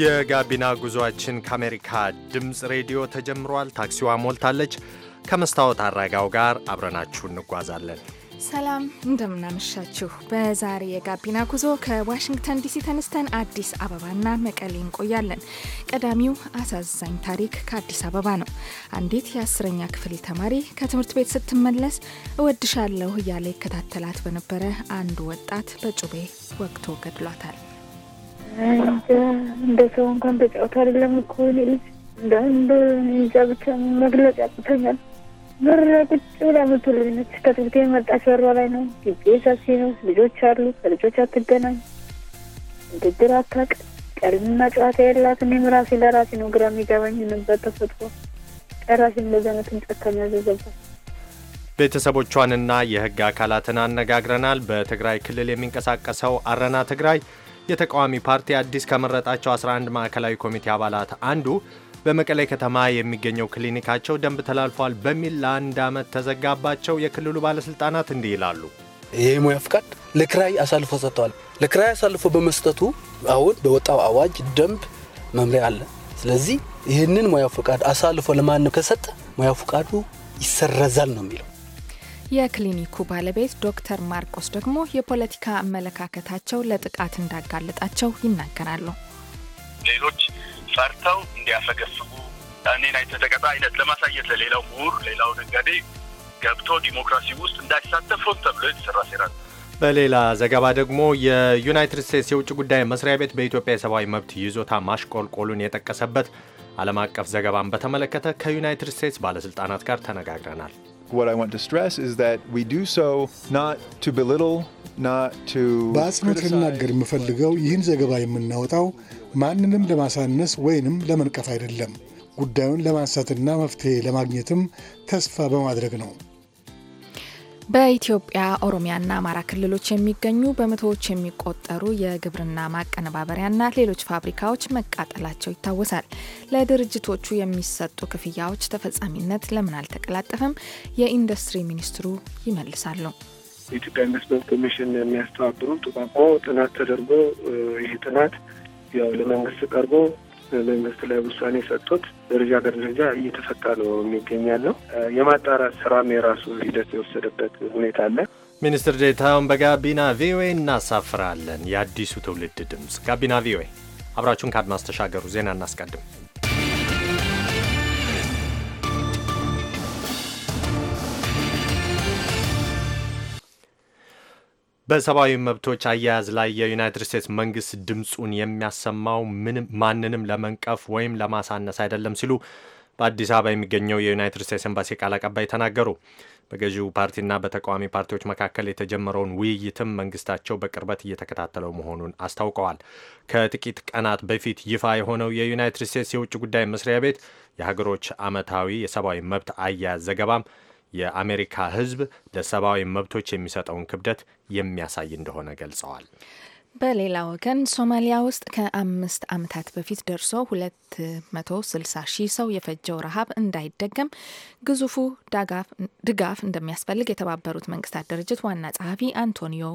የጋቢና ጉዞአችን ከአሜሪካ ድምፅ ሬዲዮ ተጀምሯል። ታክሲዋ ሞልታለች። ከመስታወት አራጋው ጋር አብረናችሁ እንጓዛለን። ሰላም እንደምናመሻችሁ። በዛሬ የጋቢና ጉዞ ከዋሽንግተን ዲሲ ተነስተን አዲስ አበባና መቀሌ እንቆያለን። ቀዳሚው አሳዛኝ ታሪክ ከአዲስ አበባ ነው። አንዲት የአስረኛ ክፍል ተማሪ ከትምህርት ቤት ስትመለስ እወድሻለሁ እያለ ይከታተላት በነበረ አንድ ወጣት በጩቤ ወግቶ ገድሏታል። እንደ ሰው እንኳን ተጫውታ አይደለም እኮ እኔ ልጅ እንደ እንደ እንጃ ብቻ መግለጽ ያቅተኛል። በር ቁጭ ብላ ምትልኝ ነች። ከትምህርት የመጣች በሯ ላይ ነው። ግቢ ሰፊ ነው። ልጆች አሉ። ከልጆች አትገናኝ፣ ንግግር አታውቅ፣ ቀልምና ጨዋታ የላት። እኔም ራሴ ለራሴ ነው ግራ የሚገባኝ ነበር ተፈጥሮ ጨራሽ እንደዚህ አይነት እንጨከን ያዘዘባት ቤተሰቦቿንና የሕግ አካላትን አነጋግረናል። በትግራይ ክልል የሚንቀሳቀሰው አረና ትግራይ የተቃዋሚ ፓርቲ አዲስ ከመረጣቸው 11 ማዕከላዊ ኮሚቴ አባላት አንዱ በመቀሌ ከተማ የሚገኘው ክሊኒካቸው ደንብ ተላልፏል በሚል ለአንድ ዓመት ተዘጋባቸው። የክልሉ ባለስልጣናት እንዲህ ይላሉ። ይህ ሙያ ፍቃድ ለክራይ አሳልፎ ሰጥተዋል። ለክራይ አሳልፎ በመስጠቱ አሁን በወጣው አዋጅ ደንብ መምሪያ አለ። ስለዚህ ይህንን ሙያ ፍቃድ አሳልፎ ለማንም ከሰጠ ሙያ ፍቃዱ ይሰረዛል ነው የሚለው የክሊኒኩ ባለቤት ዶክተር ማርቆስ ደግሞ የፖለቲካ አመለካከታቸው ለጥቃት እንዳጋለጣቸው ይናገራሉ። ሌሎች ፈርተው እንዲያፈገፍጉ እኔን አይተተቀጣ አይነት ለማሳየት ለሌላው ምሁር፣ ሌላው ነጋዴ ገብቶ ዲሞክራሲ ውስጥ እንዳይሳተፍ ሆን ተብሎ የተሰራ ሴራ ነው። በሌላ ዘገባ ደግሞ የዩናይትድ ስቴትስ የውጭ ጉዳይ መስሪያ ቤት በኢትዮጵያ የሰብአዊ መብት ይዞታ ማሽቆልቆሉን የጠቀሰበት ዓለም አቀፍ ዘገባን በተመለከተ ከዩናይትድ ስቴትስ ባለሥልጣናት ጋር ተነጋግረናል። በአጽንኦት ልናገር የምፈልገው ይህን ዘገባ የምናወጣው ማንንም ለማሳነስ ወይንም ለመንቀፍ አይደለም። ጉዳዩን ለማንሳትና መፍትሄ ለማግኘትም ተስፋ በማድረግ ነው። በኢትዮጵያ ኦሮሚያና አማራ ክልሎች የሚገኙ በመቶዎች የሚቆጠሩ የግብርና ማቀነባበሪያና ሌሎች ፋብሪካዎች መቃጠላቸው ይታወሳል። ለድርጅቶቹ የሚሰጡ ክፍያዎች ተፈጻሚነት ለምን አልተቀላጠፈም? የኢንዱስትሪ ሚኒስትሩ ይመልሳሉ። የኢትዮጵያ ኢንቨስትመንት ኮሚሽን የሚያስተባብሩ ጥቋቆ ጥናት ተደርጎ ይህ ጥናት ያው ለመንግስት ቀርቦ መንግስት ላይ ውሳኔ ሰጥቶት ደረጃ በደረጃ እየተፈታ ነው የሚገኛለው። የማጣራት ስራም የራሱ ሂደት የወሰደበት ሁኔታ አለ። ሚኒስትር ዴታውን በጋቢና ቪኦኤ እናሳፍራለን። የአዲሱ ትውልድ ድምፅ ጋቢና ቪኦኤ። አብራችሁን ከአድማስ ተሻገሩ። ዜና እናስቀድም። በሰብአዊ መብቶች አያያዝ ላይ የዩናይትድ ስቴትስ መንግስት ድምፁን የሚያሰማው ምንም ማንንም ለመንቀፍ ወይም ለማሳነስ አይደለም ሲሉ በአዲስ አበባ የሚገኘው የዩናይትድ ስቴትስ ኤምባሲ ቃል አቀባይ ተናገሩ። በገዢው ፓርቲና በተቃዋሚ ፓርቲዎች መካከል የተጀመረውን ውይይትም መንግስታቸው በቅርበት እየተከታተለው መሆኑን አስታውቀዋል። ከጥቂት ቀናት በፊት ይፋ የሆነው የዩናይትድ ስቴትስ የውጭ ጉዳይ መስሪያ ቤት የሀገሮች ዓመታዊ የሰብአዊ መብት አያያዝ ዘገባም የአሜሪካ ሕዝብ ለሰብአዊ መብቶች የሚሰጠውን ክብደት የሚያሳይ እንደሆነ ገልጸዋል። በሌላ ወገን ሶማሊያ ውስጥ ከአምስት ዓመታት በፊት ደርሶ 260 ሺህ ሰው የፈጀው ረሃብ እንዳይደገም ግዙፉ ድጋፍ እንደሚያስፈልግ የተባበሩት መንግስታት ድርጅት ዋና ጸሐፊ አንቶኒዮ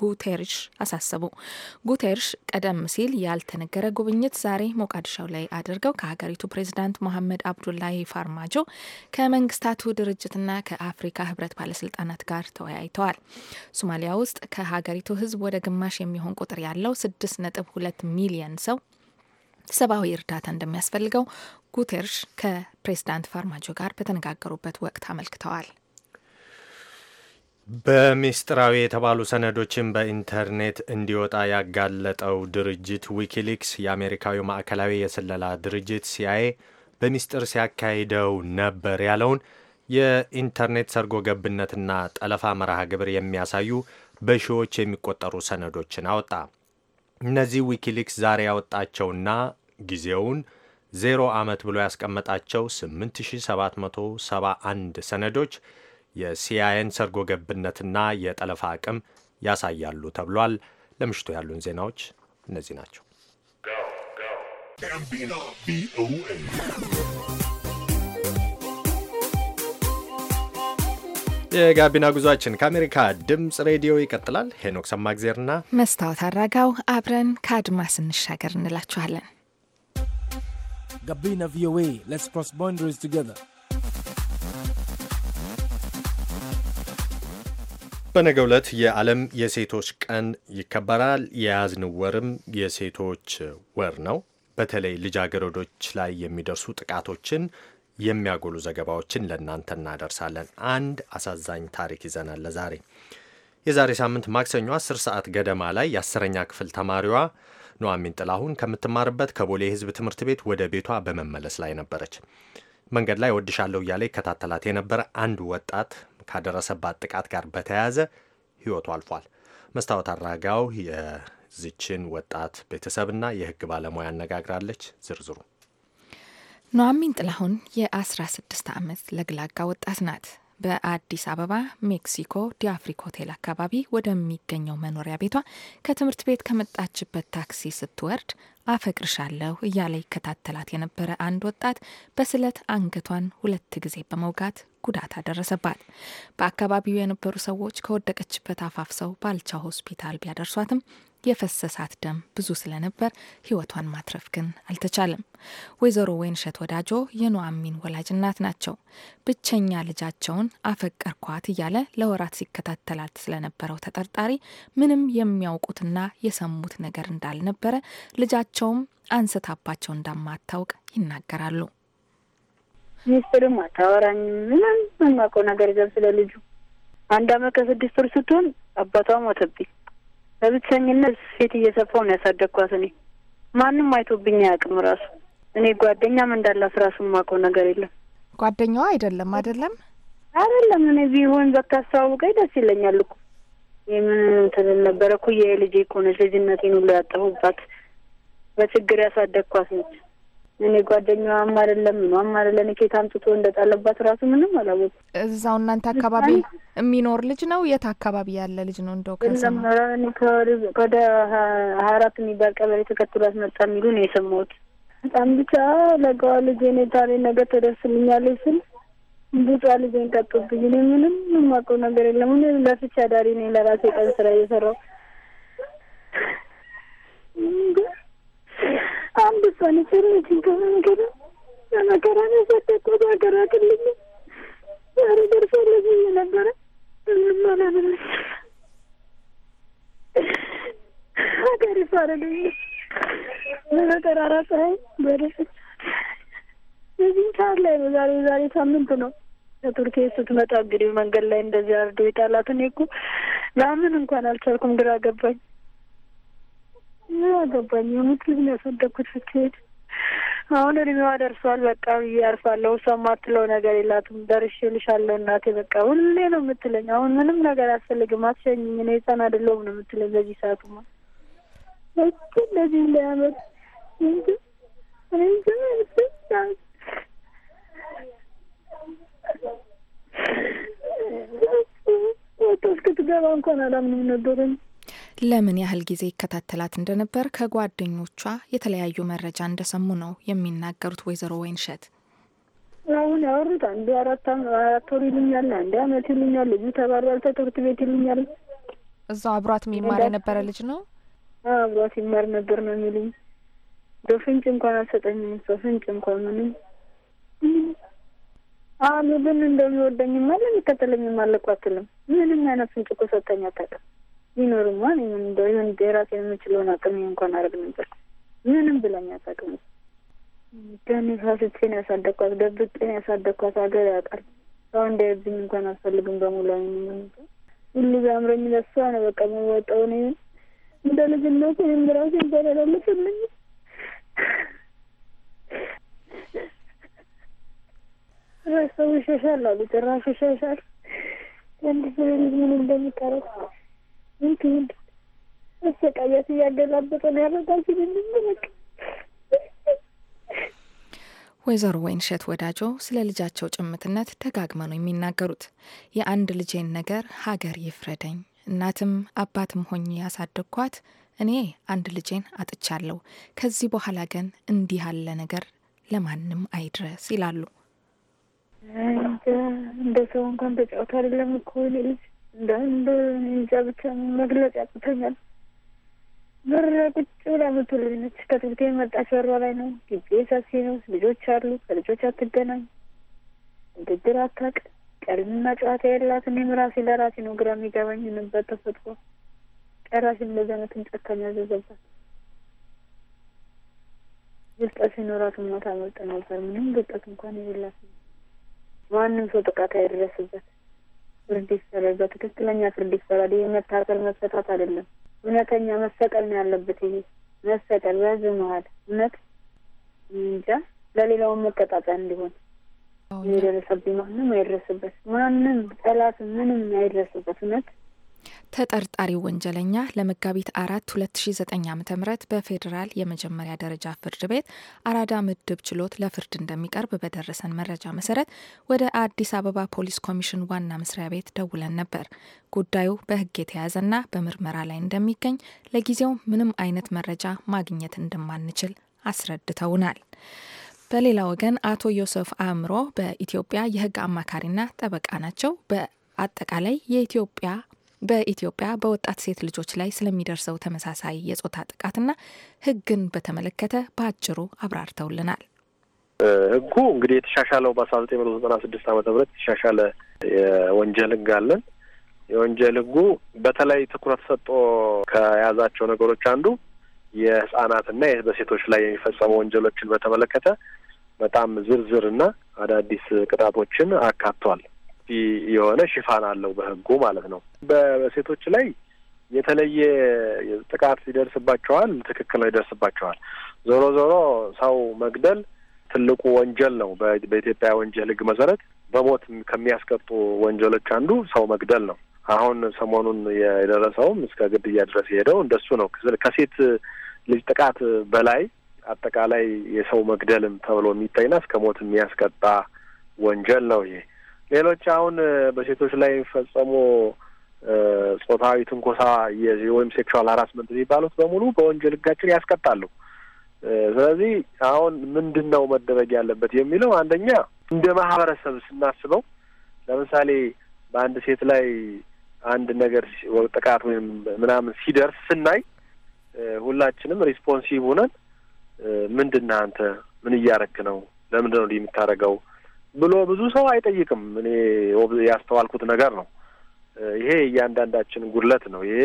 ጉቴርሽ አሳሰቡ። ጉቴርሽ ቀደም ሲል ያልተነገረ ጉብኝት ዛሬ ሞቃዲሻው ላይ አድርገው ከሀገሪቱ ፕሬዚዳንት መሐመድ አብዱላሂ ፋርማጆ ከመንግስታቱ ድርጅትና ከአፍሪካ ህብረት ባለስልጣናት ጋር ተወያይተዋል። ሶማሊያ ውስጥ ከሀገሪቱ ህዝብ ወደ ግማሽ የሚሆን ቁጥር ያለው ስድስት ነጥብ ሁለት ሚሊየን ሰው ሰብአዊ እርዳታ እንደሚያስፈልገው ጉቴርሽ ከፕሬዚዳንት ፋርማጆ ጋር በተነጋገሩበት ወቅት አመልክተዋል። በሚስጥራዊ የተባሉ ሰነዶችን በኢንተርኔት እንዲወጣ ያጋለጠው ድርጅት ዊኪሊክስ የአሜሪካዊ ማዕከላዊ የስለላ ድርጅት ሲአይኤ በሚስጥር ሲያካሂደው ነበር ያለውን የኢንተርኔት ሰርጎ ገብነትና ጠለፋ መርሃ ግብር የሚያሳዩ በሺዎች የሚቆጠሩ ሰነዶችን አወጣ። እነዚህ ዊኪሊክስ ዛሬ ያወጣቸውና ጊዜውን ዜሮ ዓመት ብሎ ያስቀመጣቸው 8771 ሰነዶች የሲአይኤን ሰርጎ ገብነትና የጠለፋ አቅም ያሳያሉ ተብሏል። ለምሽቱ ያሉን ዜናዎች እነዚህ ናቸው። የጋቢና ጉዟችን ከአሜሪካ ድምፅ ሬዲዮ ይቀጥላል። ሄኖክ ሰማግዜርና መስታወት አራጋው አብረን ከአድማስ እንሻገር እንላችኋለን። ጋቢና ቪኦኤ ሌትስ ክሮስ ባውንደሪስ ቱጌዘር በነገ ዕለት የዓለም የሴቶች ቀን ይከበራል። የያዝን ወርም የሴቶች ወር ነው። በተለይ ልጃገረዶች ላይ የሚደርሱ ጥቃቶችን የሚያጎሉ ዘገባዎችን ለእናንተ እናደርሳለን። አንድ አሳዛኝ ታሪክ ይዘናል ለዛሬ የዛሬ ሳምንት ማክሰኞ 10 ሰዓት ገደማ ላይ የአስረኛ ክፍል ተማሪዋ ኑሐሚን ጥላሁን ከምትማርበት ከቦሌ ሕዝብ ትምህርት ቤት ወደ ቤቷ በመመለስ ላይ ነበረች። መንገድ ላይ ወድሻለሁ እያለ ይከታተላት የነበረ አንድ ወጣት ካደረሰባት ጥቃት ጋር በተያያዘ ህይወቱ አልፏል። መስታወት አራጋው የዝችን ወጣት ቤተሰብና የህግ ባለሙያ አነጋግራለች። ዝርዝሩ ኑሐሚን ጥላሁን የ16 ዓመት ለግላጋ ወጣት ናት። በአዲስ አበባ ሜክሲኮ ዲአፍሪክ ሆቴል አካባቢ ወደሚገኘው መኖሪያ ቤቷ ከትምህርት ቤት ከመጣችበት ታክሲ ስትወርድ አፈቅርሻለሁ እያለ ይከታተላት የነበረ አንድ ወጣት በስለት አንገቷን ሁለት ጊዜ በመውጋት ጉዳት አደረሰባት። በአካባቢው የነበሩ ሰዎች ከወደቀችበት አፋፍሰው ባልቻ ሆስፒታል ቢያደርሷትም የፈሰሳት ደም ብዙ ስለነበር ህይወቷን ማትረፍ ግን አልተቻለም። ወይዘሮ ወይንሸት ወዳጆ የኑአሚን ወላጅ እናት ናቸው። ብቸኛ ልጃቸውን አፈቀርኳት እያለ ለወራት ሲከታተላት ስለነበረው ተጠርጣሪ ምንም የሚያውቁትና የሰሙት ነገር እንዳልነበረ ልጃቸውም አንስታባቸው እንደማታውቅ ይናገራሉ። ሚስጥርም አታወራኝ ምንም የማውቀው ነገር የለም ስለ ልጁ። አንድ አመት ከስድስት ወር ስትሆን አባቷ ሞተብኝ። በብቸኝነት ሴት እየሰፋው ነው ያሳደግኳት። እኔ ማንም አይቶብኝ አያውቅም። ራሱ እኔ ጓደኛም እንዳላት ራሱ የማውቀው ነገር የለም። ጓደኛዋ አይደለም አይደለም አይደለም። እኔ ቢሆን በታስተዋውቀኝ ደስ ይለኛል እኮ የምን እንትን ነበረ እኮ የልጄ እኮ ነች። ልጅነቴን ሁሉ ያጠፉባት በችግር ያሳደግኳት ነች። እኔ ጓደኛዋም አይደለም ምኗም አማርለን ኬት አምጥቶ እንደጣለባት ራሱ ምንም አላወቁ። እዛው እናንተ አካባቢ የሚኖር ልጅ ነው? የት አካባቢ ያለ ልጅ ነው? እንደው ከወደ ሀያ አራት የሚባል ቀበሌ ተከትሏት መጣ የሚሉ ነው የሰማሁት። በጣም ብቻ ለጋዋ ልጅ ኔ ኔታኔ ነገር ተደርስልኛለች ስል ብጫ ልጅን ቀጡብኝ። እኔ ምንም የማውቀው ነገር የለም። እኔ ለፍቻ አዳሪ ነኝ። ለራሴ ቀን ስራ እየሰራው አንድ እሷ ነች ያለችኝ ከመንገድ በመከራ ነው የሰደድኩ በሀገር አቅልኝ ዛሬ ደርሶልኝ ነበረ ምንም አላምንም ሀገር ይፋረልኝ ለመከራራ ፀሐይ በደረሰች በዚህ ሰዓት ላይ ነው ዛሬ ዛሬ ሳምንት ነው ከቱርክ ስትመጣ እንግዲህ መንገድ ላይ እንደዚህ አርዶ የጣላት እኔ እኮ ለምን እንኳን አልቻልኩም ግራ ገባኝ አገባኝ የሆኑት ልጅ ነው ያስወደኩት ስትሄድ አሁን እድሜዋ ደርሷል። በቃ ብዬ አርፋለሁ። እሷ የማትለው ነገር የላትም። ደርሼልሻለሁ እናቴ በቃ ሁሌ ነው የምትለኝ። አሁን ምንም ነገር አስፈልግም አትሸኝኝ፣ እኔ ሕፃን አይደለሁም ነው የምትለኝ። በዚህ ሰዓቱማ በቃ እንደዚህ እንዳያመት ወጣ እስክትገባ እንኳን አላምንም ነበረኝ ለምን ያህል ጊዜ ይከታተላት እንደነበር ከጓደኞቿ የተለያዩ መረጃ እንደሰሙ ነው የሚናገሩት ወይዘሮ ወይንሸት። አሁን ያወሩት አንዱ አራት አራት ወር ይሉኛል፣ አንድ አመት ይሉኛል፣ ልጁ ተባሯል ትምህርት ቤት ይሉኛል። እዛ አብሯት የሚማር የነበረ ልጅ ነው። አብሯት ይማር ነበር ነው የሚሉኝ። ፍንጭ እንኳን አልሰጠኝም። እሷ ፍንጭ እንኳን ምንም አሁን ግን እንደሚወደኝም አለ የሚከተለኝም አለቋትልም ምንም አይነት ፍንጭ እኮ ሰጠኝ ታውቅም ቢኖርማ እንደ ይሁን የራሴ የምችለውን አቅም እንኳን አረግ ነበር። ምንም ብላኝ አታውቅም። ገን ፋስቼን ያሳደግኳት ደብቄን ያሳደግኳት ሀገር ያውቃል። ሰው እንዳይብኝ እንኳን አልፈልግም። በሙሉ ሁሉ አምረኝ ለሷ ነው በቃ መወጣው ነው እንደ ልጅነት ወይም ብራሴ እንኳን ያላለፈልኝ ሰው ይሸሻል አሉ ጭራሽ ይሸሻል። እንዲህ ምን እንደሚቀረው ይሁን መሰቃየት እያገላበጠ ነው እንድንበቅ ወይዘሮ ወይንሸት ወዳጆ ስለ ልጃቸው ጭምትነት ደጋግመ ነው የሚናገሩት። የአንድ ልጄን ነገር ሀገር ይፍረደኝ፣ እናትም አባትም ሆኜ ያሳደግኳት እኔ አንድ ልጄን አጥቻለሁ። ከዚህ በኋላ ግን እንዲህ ያለ ነገር ለማንም አይድረስ ይላሉ። እንደ ሰው እንኳን ተጫውታ አይደለም እኮ ልጅ እንደ እንጃ ብቻ መግለጽ ያቅተኛል። በር ቁጭ ብላ ምትውልኝ ነች። ከትምህርት የመጣች በሯ ላይ ነው። ግቢ ሰፊ ነው። ልጆች አሉ። ከልጆች አትገናኝ፣ ንግግር አታውቅ፣ ቀልምና ጨዋታ የላት። እኔም ራሴ ለራሴ ነው ግራ የሚገባኝ ነበር ተፈጥሮ ጨራሽ እንደዚህ አይነትን ጨካኝ ያዘዘባት ብልጠ ሲኖራት ሞት መርጥ ነበር። ምንም ብልጠት እንኳን የሌላት ማንም ሰው ጥቃት አይደረስበት ፍርድ ይሰረዛ። ትክክለኛ ፍርድ ይሰራል። ይህ መታሰር መሰጣት አይደለም። እውነተኛ መሰቀል ነው ያለበት። ይሄ መሰቀል በህዝብ መሀል እውነት እንጃ ለሌላውን መቀጣጫ እንዲሆን የደረሰብኝ ማንም አይደረስበት። ማንም ጠላት ምንም አይደረስበት እውነት ተጠርጣሪው ወንጀለኛ ለመጋቢት አራት 2009 ዓ ም በፌዴራል የመጀመሪያ ደረጃ ፍርድ ቤት አራዳ ምድብ ችሎት ለፍርድ እንደሚቀርብ በደረሰን መረጃ መሰረት ወደ አዲስ አበባ ፖሊስ ኮሚሽን ዋና መስሪያ ቤት ደውለን ነበር። ጉዳዩ በሕግ የተያዘና በምርመራ ላይ እንደሚገኝ ለጊዜው ምንም አይነት መረጃ ማግኘት እንደማንችል አስረድተውናል። በሌላ ወገን አቶ ዮሴፍ አእምሮ በኢትዮጵያ የሕግ አማካሪና ጠበቃ ናቸው። በአጠቃላይ የኢትዮጵያ በኢትዮጵያ በወጣት ሴት ልጆች ላይ ስለሚደርሰው ተመሳሳይ የጾታ ጥቃትና ሕግን በተመለከተ በአጭሩ አብራርተውልናል። ሕጉ እንግዲህ የተሻሻለው በአስራ ዘጠኝ መቶ ዘጠና ስድስት ዓመተ ምህረት የተሻሻለ የወንጀል ሕግ አለን። የወንጀል ሕጉ በተለይ ትኩረት ሰጥቶ ከያዛቸው ነገሮች አንዱ የህጻናትና በሴቶች ላይ የሚፈጸሙ ወንጀሎችን በተመለከተ በጣም ዝርዝርና አዳዲስ ቅጣቶችን አካቷል። ሰፊ የሆነ ሽፋን አለው በህጉ ማለት ነው። በሴቶች ላይ የተለየ ጥቃት ይደርስባቸዋል፣ ትክክል ነው ይደርስባቸዋል። ዞሮ ዞሮ ሰው መግደል ትልቁ ወንጀል ነው። በኢትዮጵያ ወንጀል ህግ መሰረት በሞት ከሚያስቀጡ ወንጀሎች አንዱ ሰው መግደል ነው። አሁን ሰሞኑን የደረሰውም እስከ ግድያ ድረስ የሄደው እንደሱ ነው። ከሴት ልጅ ጥቃት በላይ አጠቃላይ የሰው መግደልም ተብሎ የሚታይና እስከ ሞት የሚያስቀጣ ወንጀል ነው ይሄ። ሌሎች አሁን በሴቶች ላይ የሚፈጸሙ ጾታዊ ትንኮሳ የዚህ ወይም ሴክሹዋል ሀራስመንት የሚባሉት በሙሉ በወንጀል ህጋችን ያስቀጣሉ። ስለዚህ አሁን ምንድን ነው መደረግ ያለበት የሚለው አንደኛ እንደ ማህበረሰብ ስናስበው ለምሳሌ በአንድ ሴት ላይ አንድ ነገር ጥቃት ወይም ምናምን ሲደርስ ስናይ ሁላችንም ሪስፖንሲቭ ሆነን ምንድን ነህ አንተ ምን እያረክ ነው? ለምንድን ነው እንዲህ የምታደርገው? ብሎ ብዙ ሰው አይጠይቅም። እኔ ያስተዋልኩት ነገር ነው። ይሄ እያንዳንዳችን ጉድለት ነው። ይሄ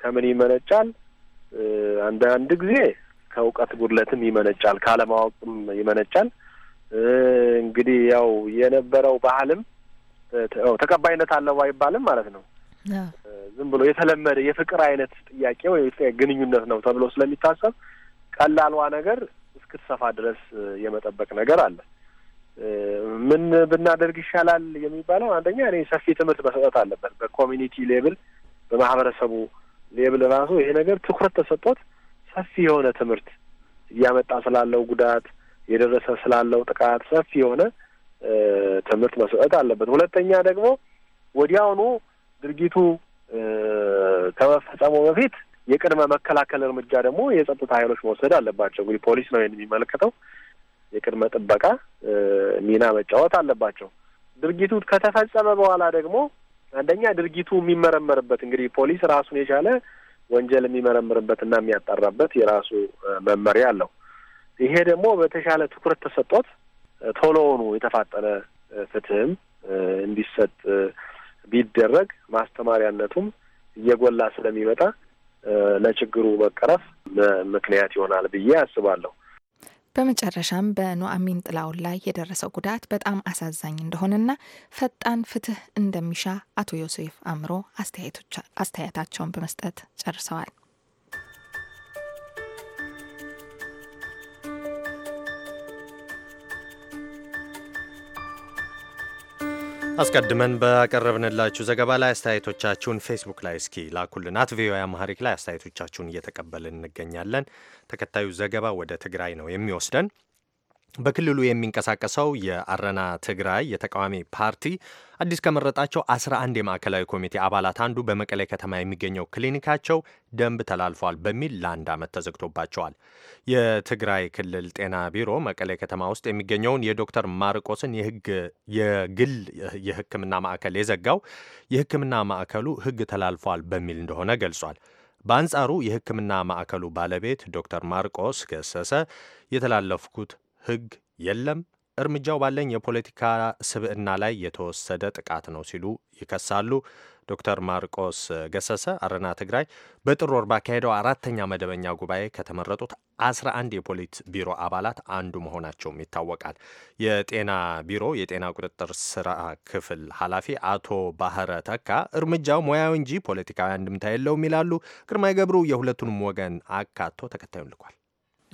ከምን ይመነጫል? አንዳንድ ጊዜ ከእውቀት ጉድለትም ይመነጫል፣ ካለማወቅም ይመነጫል። እንግዲህ ያው የነበረው ባህልም ተቀባይነት አለው አይባልም ማለት ነው። ዝም ብሎ የተለመደ የፍቅር አይነት ጥያቄ ወይ ግንኙነት ነው ተብሎ ስለሚታሰብ ቀላሏ ነገር እስክትሰፋ ድረስ የመጠበቅ ነገር አለ። ምን ብናደርግ ይሻላል የሚባለው አንደኛ እኔ ሰፊ ትምህርት መሰጠት አለበት። በኮሚኒቲ ሌብል፣ በማህበረሰቡ ሌብል ራሱ ይሄ ነገር ትኩረት ተሰጥቶት ሰፊ የሆነ ትምህርት እያመጣ ስላለው ጉዳት የደረሰ ስላለው ጥቃት ሰፊ የሆነ ትምህርት መሰጠት አለበት። ሁለተኛ ደግሞ ወዲያውኑ ድርጊቱ ከመፈጸሙ በፊት የቅድመ መከላከል እርምጃ ደግሞ የጸጥታ ኃይሎች መውሰድ አለባቸው። እንግዲህ ፖሊስ ነው ይህን የሚመለከተው። የቅድመ ጥበቃ ሚና መጫወት አለባቸው። ድርጊቱ ከተፈጸመ በኋላ ደግሞ አንደኛ ድርጊቱ የሚመረመርበት እንግዲህ ፖሊስ ራሱን የቻለ ወንጀል የሚመረምርበትና የሚያጣራበት የራሱ መመሪያ አለው። ይሄ ደግሞ በተሻለ ትኩረት ተሰጥቶት ቶሎውኑ የተፋጠነ ፍትህም እንዲሰጥ ቢደረግ ማስተማሪያነቱም እየጎላ ስለሚመጣ ለችግሩ መቀረፍ ምክንያት ይሆናል ብዬ አስባለሁ። በመጨረሻም በኑአሚን ጥላውን ላይ የደረሰው ጉዳት በጣም አሳዛኝ እንደሆነና ፈጣን ፍትህ እንደሚሻ አቶ ዮሴፍ አምሮ አስተያየታቸውን በመስጠት ጨርሰዋል። አስቀድመን በቀረብንላችሁ ዘገባ ላይ አስተያየቶቻችሁን ፌስቡክ ላይ እስኪ ላኩልን። አት ቪኦኤ አማሪክ ላይ አስተያየቶቻችሁን እየተቀበልን እንገኛለን። ተከታዩ ዘገባ ወደ ትግራይ ነው የሚወስደን። በክልሉ የሚንቀሳቀሰው የአረና ትግራይ የተቃዋሚ ፓርቲ አዲስ ከመረጣቸው 11 የማዕከላዊ ኮሚቴ አባላት አንዱ በመቀሌ ከተማ የሚገኘው ክሊኒካቸው ደንብ ተላልፏል በሚል ለአንድ ዓመት ተዘግቶባቸዋል። የትግራይ ክልል ጤና ቢሮ መቀሌ ከተማ ውስጥ የሚገኘውን የዶክተር ማርቆስን የግል የህክምና ማዕከል የዘጋው የህክምና ማዕከሉ ህግ ተላልፏል በሚል እንደሆነ ገልጿል። በአንጻሩ የህክምና ማዕከሉ ባለቤት ዶክተር ማርቆስ ገሰሰ የተላለፍኩት ህግ የለም፣ እርምጃው ባለኝ የፖለቲካ ስብዕና ላይ የተወሰደ ጥቃት ነው ሲሉ ይከሳሉ። ዶክተር ማርቆስ ገሰሰ አረና ትግራይ በጥር ወር ባካሄደው አራተኛ መደበኛ ጉባኤ ከተመረጡት 11 የፖሊት ቢሮ አባላት አንዱ መሆናቸውም ይታወቃል። የጤና ቢሮ የጤና ቁጥጥር ስራ ክፍል ኃላፊ አቶ ባህረ ተካ እርምጃው ሙያዊ እንጂ ፖለቲካዊ አንድምታ የለውም ይላሉ። ግርማይ ገብሩ የሁለቱንም ወገን አካቶ ተከታዩን ልኳል።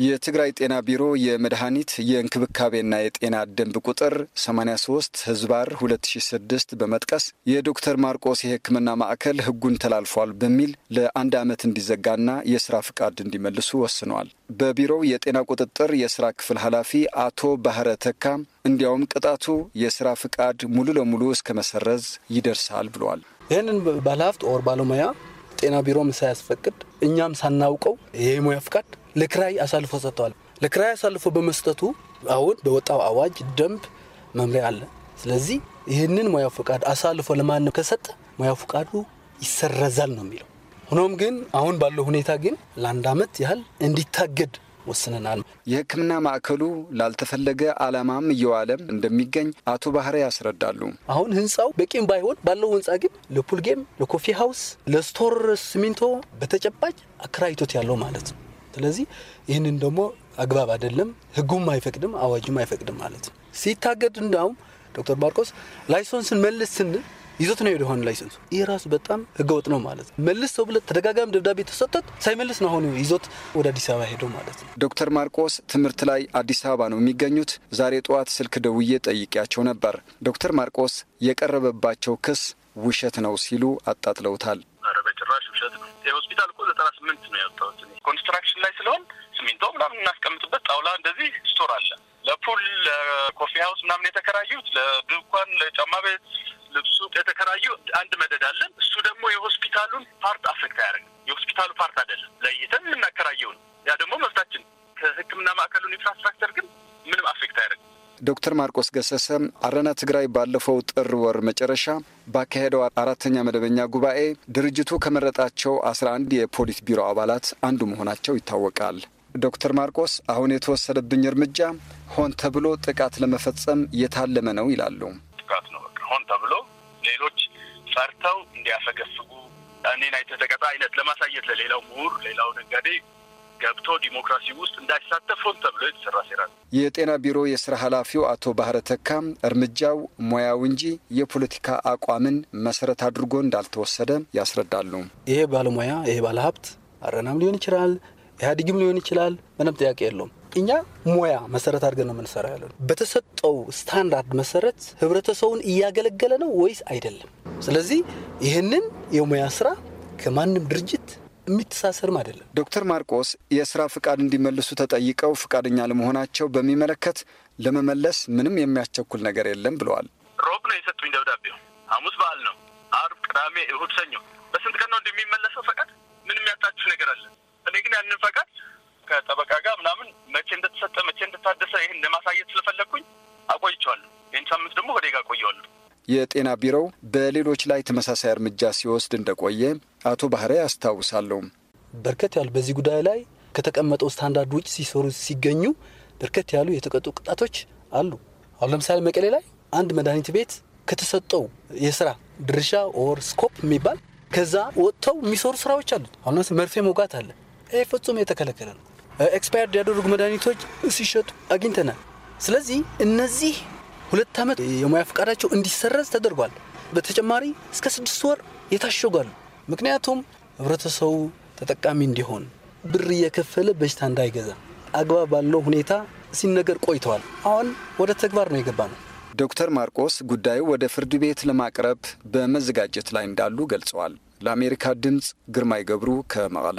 የትግራይ ጤና ቢሮ የመድኃኒት የእንክብካቤና የጤና ደንብ ቁጥር 83 ህዝባር 2006 በመጥቀስ የዶክተር ማርቆስ የሕክምና ማዕከል ህጉን ተላልፏል በሚል ለአንድ ዓመት እንዲዘጋና የስራ ፍቃድ እንዲመልሱ ወስነዋል። በቢሮው የጤና ቁጥጥር የስራ ክፍል ኃላፊ አቶ ባህረ ተካም እንዲያውም ቅጣቱ የስራ ፍቃድ ሙሉ ለሙሉ እስከ መሰረዝ ይደርሳል ብለዋል። ይህንን ባለሀብት ኦር ባለሙያ ጤና ቢሮም ሳያስፈቅድ እኛም ሳናውቀው ይህ ሙያ ፍቃድ ለክራይ አሳልፎ ሰጥተዋል። ለክራይ አሳልፎ በመስጠቱ አሁን በወጣው አዋጅ ደንብ መምሪያ አለ። ስለዚህ ይህንን ሙያ ፈቃድ አሳልፎ ለማንም ከሰጠ ሙያ ፈቃዱ ይሰረዛል ነው የሚለው። ሆኖም ግን አሁን ባለው ሁኔታ ግን ለአንድ ዓመት ያህል እንዲታገድ ወስነናል። የሕክምና ማዕከሉ ላልተፈለገ ዓላማም እየዋለም እንደሚገኝ አቶ ባህረ ያስረዳሉ። አሁን ህንፃው በቂም ባይሆን ባለው ህንፃ ግን ለፑልጌም ለኮፊ ሀውስ፣ ለስቶር ሲሚንቶ በተጨባጭ አከራይቶት ያለው ማለት ነው። ስለዚህ ይህንን ደግሞ አግባብ አይደለም፣ ህጉም አይፈቅድም፣ አዋጅም አይፈቅድም ማለት ነው። ሲታገድ እንዳውም ዶክተር ማርቆስ ላይሰንስን መልስ ስንል ይዞት ነው የሆነ ላይሰንሱ ይህ ራሱ በጣም ህገወጥ ነው ማለት ነው። መልስ ሰው ብለት ተደጋጋሚ ደብዳቤ ተሰጠት ሳይመልስ ነው አሁን ይዞት ወደ አዲስ አበባ ሄደው ማለት ነው። ዶክተር ማርቆስ ትምህርት ላይ አዲስ አበባ ነው የሚገኙት። ዛሬ ጠዋት ስልክ ደውዬ ጠይቄያቸው ነበር። ዶክተር ማርቆስ የቀረበባቸው ክስ ውሸት ነው ሲሉ አጣጥለውታል። ውሸት ነው። የሆስፒታል እኮ ዘጠና ስምንት ነው ያወጣሁት ኮንስትራክሽን ላይ ስለሆን ሲሚንቶ ምናምን እናስቀምጥበት ጣውላ እንደዚህ ስቶር አለ። ለፑል ለኮፊ ሀውስ ምናምን የተከራዩት ለድንኳን፣ ለጫማ ቤት፣ ልብሱ የተከራዩ አንድ መደድ አለን። እሱ ደግሞ የሆስፒታሉን ፓርት አፌክት አያደርግም። የሆስፒታሉ ፓርት አይደለም፣ ለይተን የምናከራየው ነው። ያ ደግሞ መብታችን። ከህክምና ማዕከሉን ኢንፍራስትራክቸር ግን ምንም አፌክት አያደርግም። ዶክተር ማርቆስ ገሰሰ አረና ትግራይ ባለፈው ጥር ወር መጨረሻ ባካሄደው አራተኛ መደበኛ ጉባኤ ድርጅቱ ከመረጣቸው 11 የፖሊት ቢሮ አባላት አንዱ መሆናቸው ይታወቃል። ዶክተር ማርቆስ አሁን የተወሰደብኝ እርምጃ ሆን ተብሎ ጥቃት ለመፈጸም የታለመ ነው ይላሉ። ጥቃት ነው በቃ ሆን ተብሎ ሌሎች ፈርተው እንዲያፈገፍጉ እኔን አይተህ ተቀጣ አይነት ለማሳየት ለሌላው ምሁር፣ ሌላው ነጋዴ ገብቶ ዲሞክራሲ ውስጥ እንዳይሳተፉም ተብሎ የተሰራ ሴራ ነው። የጤና ቢሮ የስራ ኃላፊው አቶ ባህረ ተካ እርምጃው ሙያው እንጂ የፖለቲካ አቋምን መሰረት አድርጎ እንዳልተወሰደ ያስረዳሉ። ይሄ ባለሙያ ይሄ ባለሀብት አረናም ሊሆን ይችላል፣ ኢህአዴግም ሊሆን ይችላል። ምንም ጥያቄ የለውም። እኛ ሙያ መሰረት አድርገን ነው የምንሰራ ያለ በተሰጠው ስታንዳርድ መሰረት ህብረተሰቡን እያገለገለ ነው ወይስ አይደለም? ስለዚህ ይህንን የሙያ ስራ ከማንም ድርጅት የሚተሳሰርም አይደለም። ዶክተር ማርቆስ የስራ ፍቃድ እንዲመልሱ ተጠይቀው ፍቃደኛ ለመሆናቸው በሚመለከት ለመመለስ ምንም የሚያስቸኩል ነገር የለም ብለዋል። ሮብ ነው የሰጡኝ ደብዳቤው። ሐሙስ በዓል ነው። አርብ፣ ቅዳሜ፣ እሁድ፣ ሰኞ በስንት ቀን ነው እንደሚመለሰው ፈቃድ? ምንም ያጣችሁ ነገር አለ? እኔ ግን ያንን ፈቃድ ከጠበቃ ጋር ምናምን መቼ እንደተሰጠ መቼ እንደታደሰ ይህን ለማሳየት ስለፈለግኩኝ አቆይቸዋለሁ። ይህን ሳምንት ደግሞ ወደ ጋ አቆየዋለሁ። የጤና ቢሮው በሌሎች ላይ ተመሳሳይ እርምጃ ሲወስድ እንደቆየ አቶ ባህረ ያስታውሳሉ። በርከት ያሉ በዚህ ጉዳይ ላይ ከተቀመጠው ስታንዳርድ ውጭ ሲሰሩ ሲገኙ በርከት ያሉ የተቀጡ ቅጣቶች አሉ። አሁን ለምሳሌ መቀሌ ላይ አንድ መድኃኒት ቤት ከተሰጠው የስራ ድርሻ ኦር ስኮፕ የሚባል ከዛ ወጥተው የሚሰሩ ስራዎች አሉት። አሁን ለምሳሌ መርፌ መውጋት አለ። ይህ ፍጹም የተከለከለ ነው። ኤክስፓየርድ ያደረጉ መድኃኒቶች ሲሸጡ አግኝተናል። ስለዚህ እነዚህ ሁለት ዓመት የሙያ ፈቃዳቸው እንዲሰረዝ ተደርጓል። በተጨማሪ እስከ ስድስት ወር የታሸጓል። ምክንያቱም ህብረተሰቡ ተጠቃሚ እንዲሆን ብር እየከፈለ በሽታ እንዳይገዛ አግባብ ባለው ሁኔታ ሲነገር ቆይተዋል። አሁን ወደ ተግባር ነው የገባ ነው። ዶክተር ማርቆስ ጉዳዩ ወደ ፍርድ ቤት ለማቅረብ በመዘጋጀት ላይ እንዳሉ ገልጸዋል። ለአሜሪካ ድምፅ ግርማይ ገብሩ ከመቀለ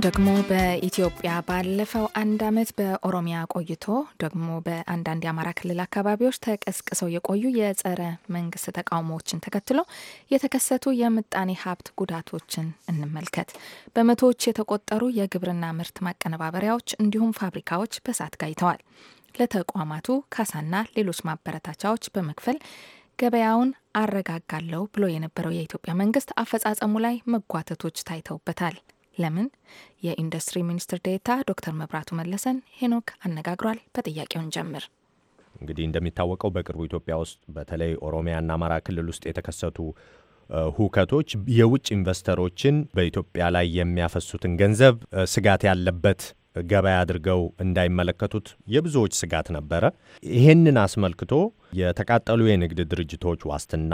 አሁን ደግሞ በኢትዮጵያ ባለፈው አንድ ዓመት በኦሮሚያ ቆይቶ ደግሞ በአንዳንድ የአማራ ክልል አካባቢዎች ተቀስቅሰው የቆዩ የጸረ መንግስት ተቃውሞዎችን ተከትሎ የተከሰቱ የምጣኔ ሀብት ጉዳቶችን እንመልከት። በመቶዎች የተቆጠሩ የግብርና ምርት ማቀነባበሪያዎች እንዲሁም ፋብሪካዎች በእሳት ጋይተዋል። ለተቋማቱ ካሳና ሌሎች ማበረታቻዎች በመክፈል ገበያውን አረጋጋለሁ ብሎ የነበረው የኢትዮጵያ መንግስት አፈጻጸሙ ላይ መጓተቶች ታይተውበታል። ለምን? የኢንዱስትሪ ሚኒስትር ዴታ ዶክተር መብራቱ መለሰን ሄኖክ አነጋግሯል። በጥያቄውን ጀምር። እንግዲህ እንደሚታወቀው በቅርቡ ኢትዮጵያ ውስጥ በተለይ ኦሮሚያና አማራ ክልል ውስጥ የተከሰቱ ሁከቶች የውጭ ኢንቨስተሮችን በኢትዮጵያ ላይ የሚያፈሱትን ገንዘብ ስጋት ያለበት ገበያ አድርገው እንዳይመለከቱት የብዙዎች ስጋት ነበረ። ይህንን አስመልክቶ የተቃጠሉ የንግድ ድርጅቶች ዋስትና፣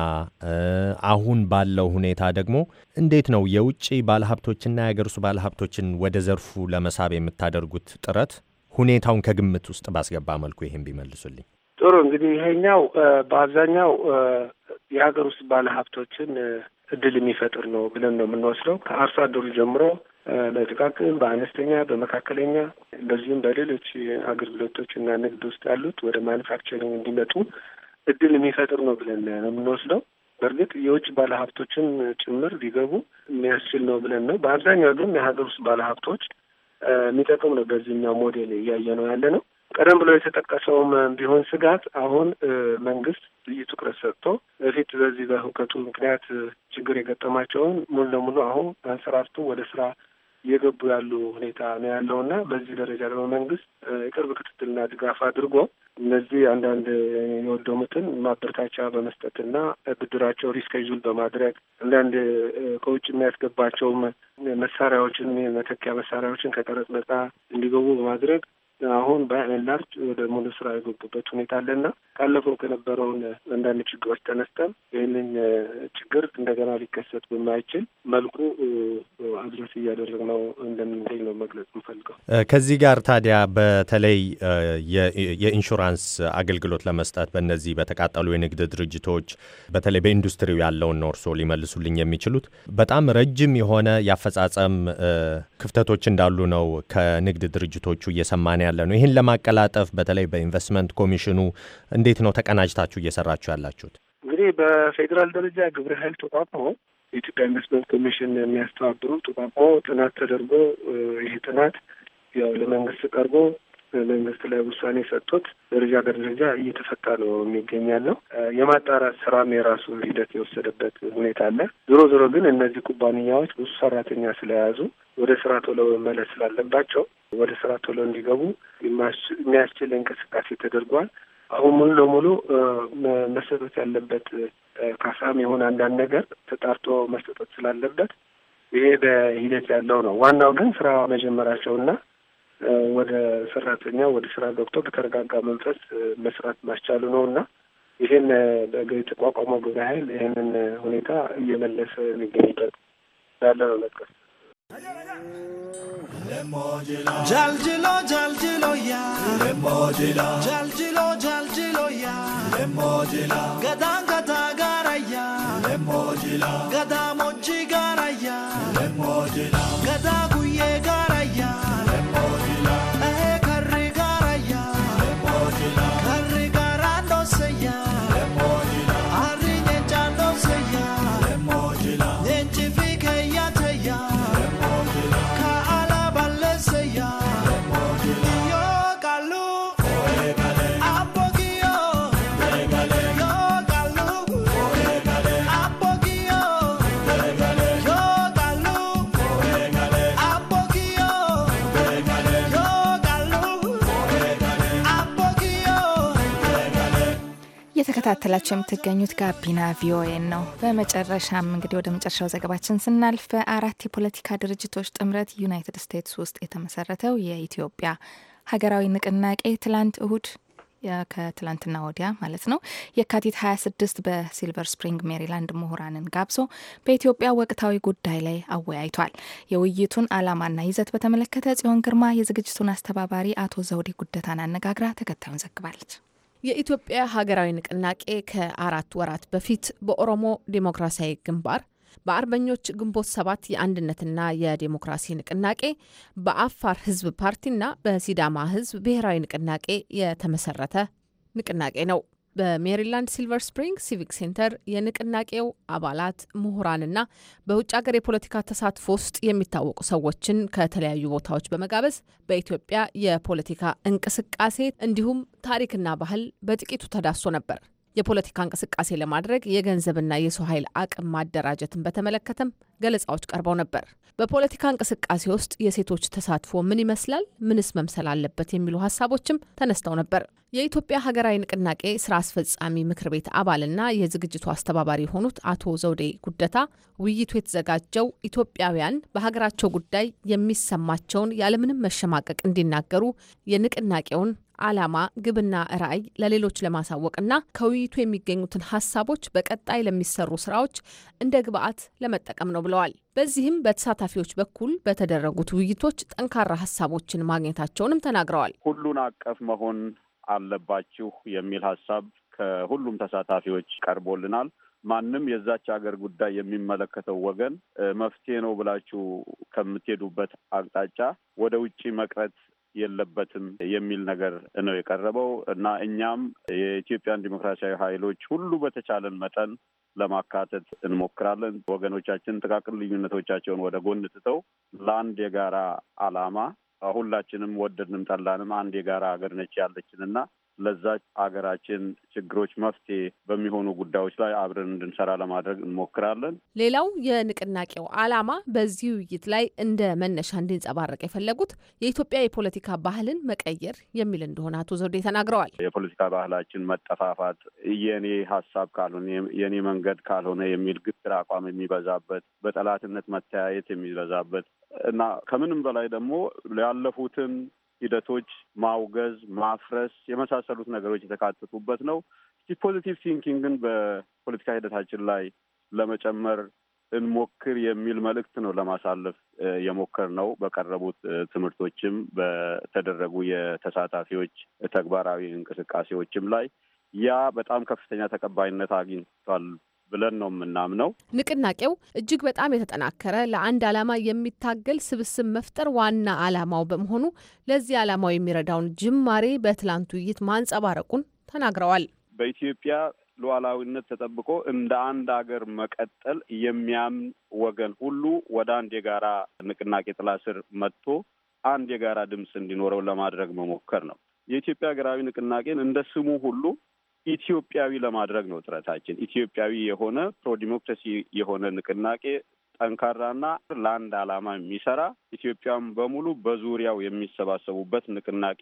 አሁን ባለው ሁኔታ ደግሞ እንዴት ነው የውጭ ባለሀብቶችና የአገር ውስጥ ባለሀብቶችን ወደ ዘርፉ ለመሳብ የምታደርጉት ጥረት ሁኔታውን ከግምት ውስጥ ባስገባ መልኩ ይህን ቢመልሱልኝ ጥሩ። እንግዲህ ይሄኛው በአብዛኛው የሀገር ውስጥ ባለሀብቶችን እድል የሚፈጥር ነው ብለን ነው የምንወስደው ከአርሶ አደሩ ጀምሮ ለጥቃቅን በአነስተኛ በመካከለኛ እንደዚሁም በሌሎች አገልግሎቶች እና ንግድ ውስጥ ያሉት ወደ ማኒፋክቸሪንግ እንዲመጡ እድል የሚፈጥር ነው ብለን ነው የምንወስደው። በእርግጥ የውጭ ባለሀብቶችን ጭምር ሊገቡ የሚያስችል ነው ብለን ነው። በአብዛኛው ግን የሀገር ውስጥ ባለሀብቶች የሚጠቅም ነው። በዚህኛው ሞዴል እያየ ነው ያለ ነው። ቀደም ብሎ የተጠቀሰውም ቢሆን ስጋት አሁን መንግስት ልዩ ትኩረት ሰጥቶ በፊት በዚህ በህውከቱ ምክንያት ችግር የገጠማቸውን ሙሉ ለሙሉ አሁን አንሰራርቶ ወደ ስራ እየገቡ ያሉ ሁኔታ ነው ያለው እና በዚህ ደረጃ ደግሞ መንግስት የቅርብ ክትትልና ድጋፍ አድርጎ እነዚህ አንዳንድ የወደሙትን ማበረታቻ በመስጠትና ብድራቸው ሪስኬጁል በማድረግ አንዳንድ ከውጭ የሚያስገባቸውም መሳሪያዎችን መተኪያ መሳሪያዎችን ከቀረጥ ነጻ እንዲገቡ በማድረግ አሁን በላርጅ ወደ ሙሉ ስራ የገቡበት ሁኔታ አለና ካለፈው ከነበረውን አንዳንድ ችግሮች ተነስተን ይህንን ችግር እንደገና ሊከሰት በማይችል መልኩ አድረስ እያደረግ ነው እንደምንገኝ ነው መግለጽ ምፈልገው። ከዚህ ጋር ታዲያ በተለይ የኢንሹራንስ አገልግሎት ለመስጠት በእነዚህ በተቃጠሉ የንግድ ድርጅቶች በተለይ በኢንዱስትሪው ያለውን ኖርሶ ሊመልሱልኝ የሚችሉት። በጣም ረጅም የሆነ የአፈጻጸም ክፍተቶች እንዳሉ ነው ከንግድ ድርጅቶቹ እየሰማን ያለ ነው። ይህን ለማቀላጠፍ በተለይ በኢንቨስትመንት ኮሚሽኑ እንዴት ነው ተቀናጅታችሁ እየሰራችሁ ያላችሁት? እንግዲህ በፌዴራል ደረጃ ግብረ ኃይል ተቋቁሞ የኢትዮጵያ ኢንቨስትመንት ኮሚሽን የሚያስተባብሩ ተቋቁሞ ጥናት ተደርጎ ይህ ጥናት ያው ለመንግስት ቀርቦ መንግስት ላይ ውሳኔ ሰጥቶት ደረጃ በደረጃ እየተፈታ ነው የሚገኛል ነው የማጣራት ስራም የራሱ ሂደት የወሰደበት ሁኔታ አለ። ዞሮ ዞሮ ግን እነዚህ ኩባንያዎች ብዙ ሰራተኛ ስለያዙ ወደ ስራ ቶሎ መመለስ ስላለባቸው ወደ ስራ ቶሎ እንዲገቡ የሚያስችል እንቅስቃሴ ተደርጓል። አሁን ሙሉ ለሙሉ መሰጠት ያለበት ካሳም የሆነ አንዳንድ ነገር ተጣርቶ መሰጠት ስላለበት ይሄ በሂደት ያለው ነው። ዋናው ግን ስራ መጀመራቸውና ወደ ሰራተኛ ወደ ስራ ገብቶ በተረጋጋ መንፈስ መስራት ማስቻሉ ነው እና ይህን የተቋቋመው ግብረ ኃይል ይህንን ሁኔታ እየመለሰ የሚገኝበት ያለ ነው መጥቀስ Jaljilo, jaljilo ya. Lemojila. Jaljilo, jaljilo ya. Lemojila. Gada gada garaya. ya. Lemojila. Gada moji gara ya. Lemojila. እየተከታተላችሁ የምትገኙት ጋቢና ቪኦኤን ነው። በመጨረሻም እንግዲህ ወደ መጨረሻው ዘገባችን ስናልፍ በአራት የፖለቲካ ድርጅቶች ጥምረት ዩናይትድ ስቴትስ ውስጥ የተመሰረተው የኢትዮጵያ ሀገራዊ ንቅናቄ ትላንት እሁድ ከትላንትና ወዲያ ማለት ነው የካቲት 26 በሲልቨር ስፕሪንግ ሜሪላንድ ምሁራንን ጋብዞ በኢትዮጵያ ወቅታዊ ጉዳይ ላይ አወያይቷል። የውይይቱን ዓላማና ይዘት በተመለከተ ጽዮን ግርማ የዝግጅቱን አስተባባሪ አቶ ዘውዴ ጉደታን አነጋግራ ተከታዩን ዘግባለች። የኢትዮጵያ ሀገራዊ ንቅናቄ ከአራት ወራት በፊት በኦሮሞ ዴሞክራሲያዊ ግንባር በአርበኞች ግንቦት ሰባት የአንድነትና የዴሞክራሲ ንቅናቄ በአፋር ህዝብ ፓርቲና በሲዳማ ህዝብ ብሔራዊ ንቅናቄ የተመሰረተ ንቅናቄ ነው። በሜሪላንድ ሲልቨር ስፕሪንግ ሲቪክ ሴንተር የንቅናቄው አባላት ምሁራንና በውጭ ሀገር የፖለቲካ ተሳትፎ ውስጥ የሚታወቁ ሰዎችን ከተለያዩ ቦታዎች በመጋበዝ በኢትዮጵያ የፖለቲካ እንቅስቃሴ እንዲሁም ታሪክና ባህል በጥቂቱ ተዳሶ ነበር። የፖለቲካ እንቅስቃሴ ለማድረግ የገንዘብና የሰው ኃይል አቅም ማደራጀትን በተመለከተም ገለጻዎች ቀርበው ነበር። በፖለቲካ እንቅስቃሴ ውስጥ የሴቶች ተሳትፎ ምን ይመስላል? ምንስ መምሰል አለበት? የሚሉ ሀሳቦችም ተነስተው ነበር። የኢትዮጵያ ሀገራዊ ንቅናቄ ስራ አስፈጻሚ ምክር ቤት አባልና የዝግጅቱ አስተባባሪ የሆኑት አቶ ዘውዴ ጉደታ ውይይቱ የተዘጋጀው ኢትዮጵያውያን በሀገራቸው ጉዳይ የሚሰማቸውን ያለምንም መሸማቀቅ እንዲናገሩ የንቅናቄውን ዓላማ፣ ግብና ራዕይ ለሌሎች ለማሳወቅና ከውይይቱ የሚገኙትን ሀሳቦች በቀጣይ ለሚሰሩ ስራዎች እንደ ግብአት ለመጠቀም ነው ብለዋል። በዚህም በተሳታፊዎች በኩል በተደረጉት ውይይቶች ጠንካራ ሀሳቦችን ማግኘታቸውንም ተናግረዋል። ሁሉን አቀፍ መሆን አለባችሁ የሚል ሀሳብ ከሁሉም ተሳታፊዎች ቀርቦልናል። ማንም የዛች ሀገር ጉዳይ የሚመለከተው ወገን መፍትሄ ነው ብላችሁ ከምትሄዱበት አቅጣጫ ወደ ውጭ መቅረት የለበትም የሚል ነገር ነው የቀረበው እና እኛም የኢትዮጵያን ዲሞክራሲያዊ ኃይሎች ሁሉ በተቻለን መጠን ለማካተት እንሞክራለን። ወገኖቻችን ጥቃቅን ልዩነቶቻቸውን ወደ ጎን ትተው ለአንድ የጋራ ዓላማ ሁላችንም ወደድንም ጠላንም አንድ የጋራ ሀገር ነች ያለችን እና ለዛች አገራችን ችግሮች መፍትሄ በሚሆኑ ጉዳዮች ላይ አብረን እንድንሰራ ለማድረግ እንሞክራለን። ሌላው የንቅናቄው ዓላማ በዚህ ውይይት ላይ እንደ መነሻ እንዲንጸባረቅ የፈለጉት የኢትዮጵያ የፖለቲካ ባህልን መቀየር የሚል እንደሆነ አቶ ዘውዴ ተናግረዋል። የፖለቲካ ባህላችን መጠፋፋት፣ የኔ ሀሳብ ካልሆነ የኔ መንገድ ካልሆነ የሚል ግትር አቋም የሚበዛበት፣ በጠላትነት መተያየት የሚበዛበት እና ከምንም በላይ ደግሞ ያለፉትን ሂደቶች ማውገዝ፣ ማፍረስ የመሳሰሉት ነገሮች የተካተቱበት ነው። ፖዚቲቭ ቲንኪንግን በፖለቲካ ሂደታችን ላይ ለመጨመር እንሞክር የሚል መልእክት ነው ለማሳለፍ የሞከር ነው። በቀረቡት ትምህርቶችም በተደረጉ የተሳታፊዎች ተግባራዊ እንቅስቃሴዎችም ላይ ያ በጣም ከፍተኛ ተቀባይነት አግኝቷል ብለን ነው የምናምነው። ንቅናቄው እጅግ በጣም የተጠናከረ ለአንድ ዓላማ የሚታገል ስብስብ መፍጠር ዋና ዓላማው በመሆኑ ለዚህ ዓላማው የሚረዳውን ጅማሬ በትላንቱ ውይይት ማንጸባረቁን ተናግረዋል። በኢትዮጵያ ሉዓላዊነት ተጠብቆ እንደ አንድ ሀገር መቀጠል የሚያምን ወገን ሁሉ ወደ አንድ የጋራ ንቅናቄ ጥላ ስር መጥቶ አንድ የጋራ ድምፅ እንዲኖረው ለማድረግ መሞከር ነው። የኢትዮጵያ ሀገራዊ ንቅናቄን እንደ ስሙ ሁሉ ኢትዮጵያዊ ለማድረግ ነው ጥረታችን። ኢትዮጵያዊ የሆነ ፕሮዲሞክራሲ የሆነ ንቅናቄ ጠንካራና ለአንድ ዓላማ የሚሰራ ኢትዮጵያን በሙሉ በዙሪያው የሚሰባሰቡበት ንቅናቄ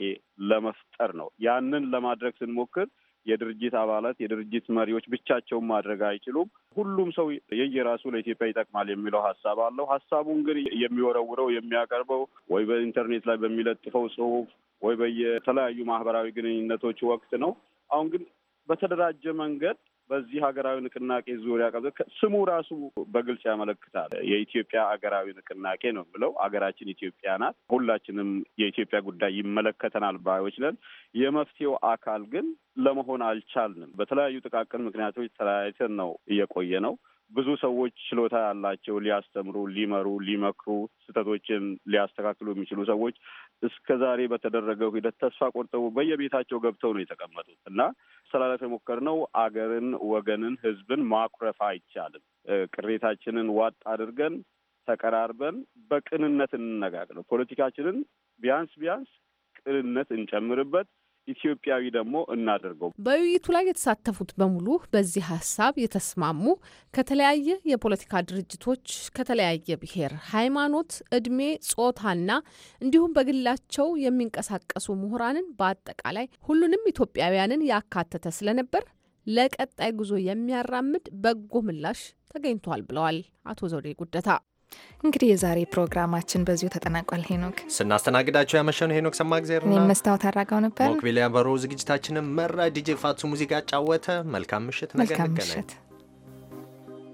ለመፍጠር ነው። ያንን ለማድረግ ስንሞክር የድርጅት አባላት የድርጅት መሪዎች ብቻቸውን ማድረግ አይችሉም። ሁሉም ሰው የየራሱ ለኢትዮጵያ ይጠቅማል የሚለው ሀሳብ አለው። ሀሳቡን ግን የሚወረውረው የሚያቀርበው ወይ በኢንተርኔት ላይ በሚለጥፈው ጽሁፍ ወይ በየተለያዩ ማህበራዊ ግንኙነቶች ወቅት ነው። አሁን ግን በተደራጀ መንገድ በዚህ ሀገራዊ ንቅናቄ ዙሪያ ስሙ ራሱ በግልጽ ያመለክታል። የኢትዮጵያ ሀገራዊ ንቅናቄ ነው ብለው ሀገራችን ኢትዮጵያ ናት፣ ሁላችንም የኢትዮጵያ ጉዳይ ይመለከተናል ባዮች ነን። የመፍትሄው አካል ግን ለመሆን አልቻልንም። በተለያዩ ጥቃቅን ምክንያቶች ተለያይተን ነው እየቆየ ነው። ብዙ ሰዎች ችሎታ ያላቸው ሊያስተምሩ፣ ሊመሩ፣ ሊመክሩ፣ ስህተቶችን ሊያስተካክሉ የሚችሉ ሰዎች እስከ ዛሬ በተደረገው ሂደት ተስፋ ቆርጠው በየቤታቸው ገብተው ነው የተቀመጡት እና አስተላለፍ የሞከርነው አገርን፣ ወገንን፣ ህዝብን ማኩረፍ አይቻልም። ቅሬታችንን ዋጥ አድርገን ተቀራርበን በቅንነት እንነጋገር ፖለቲካችንን ቢያንስ ቢያንስ ቅንነት እንጨምርበት። ኢትዮጵያዊ ደግሞ እናደርገው። በውይይቱ ላይ የተሳተፉት በሙሉ በዚህ ሀሳብ የተስማሙ ከተለያየ የፖለቲካ ድርጅቶች፣ ከተለያየ ብሔር፣ ሃይማኖት፣ እድሜ፣ ጾታና እንዲሁም በግላቸው የሚንቀሳቀሱ ምሁራንን በአጠቃላይ ሁሉንም ኢትዮጵያውያንን ያካተተ ስለነበር ለቀጣይ ጉዞ የሚያራምድ በጎ ምላሽ ተገኝቷል ብለዋል አቶ ዘውዴ ጉደታ። እንግዲህ የዛሬ ፕሮግራማችን በዚሁ ተጠናቋል። ሄኖክ ስናስተናግዳቸው ያመሸነው ሄኖክ ሰማ ጊዜር እኔም መስታወት አድራጋው ነበር። ሞክቢሊያ በሮ ዝግጅታችንን መራ። ዲጄ ፋቱ ሙዚቃ ጫወተ። መልካም ምሽት። ነገ እንገናኝ።